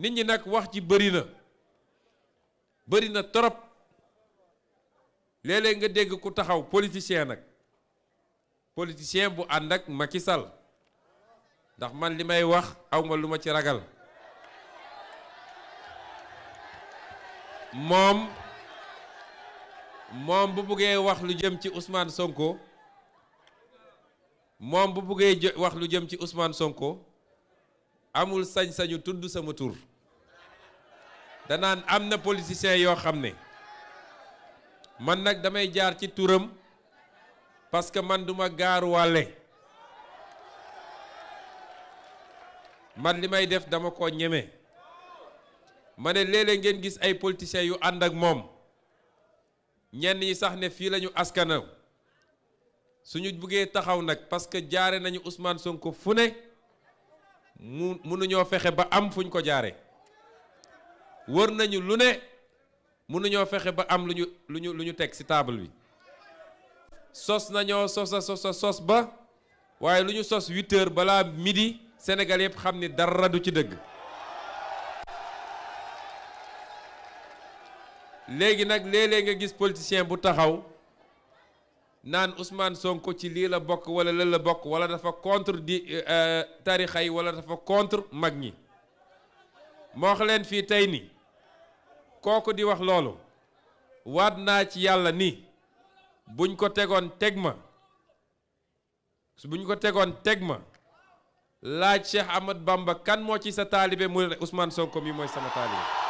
nit ñi nag wax ji bëri na bëri na trop léeg-léeg nga dégg ku taxaw politicien nag politicien bu ànd ak Macky Sall ndax man li may wax awma lu ma ci ragal moom moom bu buggee wax lu jëm ci Ousmane sonkoo moom bu buggee wax lu jëm ci Ousmane Sonko amul sañ-sañu tudd sama tur danaan am na politiciens yoo xam ne man nag damay jaar ci turam parce que man duma gaaruwàlle man li may def dama ko ñeme ma ne leele ngeen gis ay politiciens yu ànd ak moom ñenn yi sax ne fii lañu askanaw suñu buggee taxaw nag parce que jaare nañu usmaan Sonko fu ne mu mënuñoo fexe ba am fuñ ko jaare wër nañu lu ne mënuñoo fexe ba am luñu ñu lu ñu lu ñu teg ci table bi sos nañoo sos a sos sos ba waaye luñu sos huit balaa midi Sénégal yëpp xam ni dara du ci dëgg léegi nag léeg nga gis politicien bu taxaw naan usmaan Sonko ci lii la bokk wala lël la bokk wala dafa contre di euh, euh, tarixa yi wala dafa contre mag ñi moo wax fii tey nii kooku di wax loolu waat naa ci yàlla ni buñ ko tegoon teg ma buñ ko tegoon teg ma laaj Cheikh Ahmad Bamba kan moo ci sa taalibe mu la ne Ousmane Sonko mi mooy sama taalibe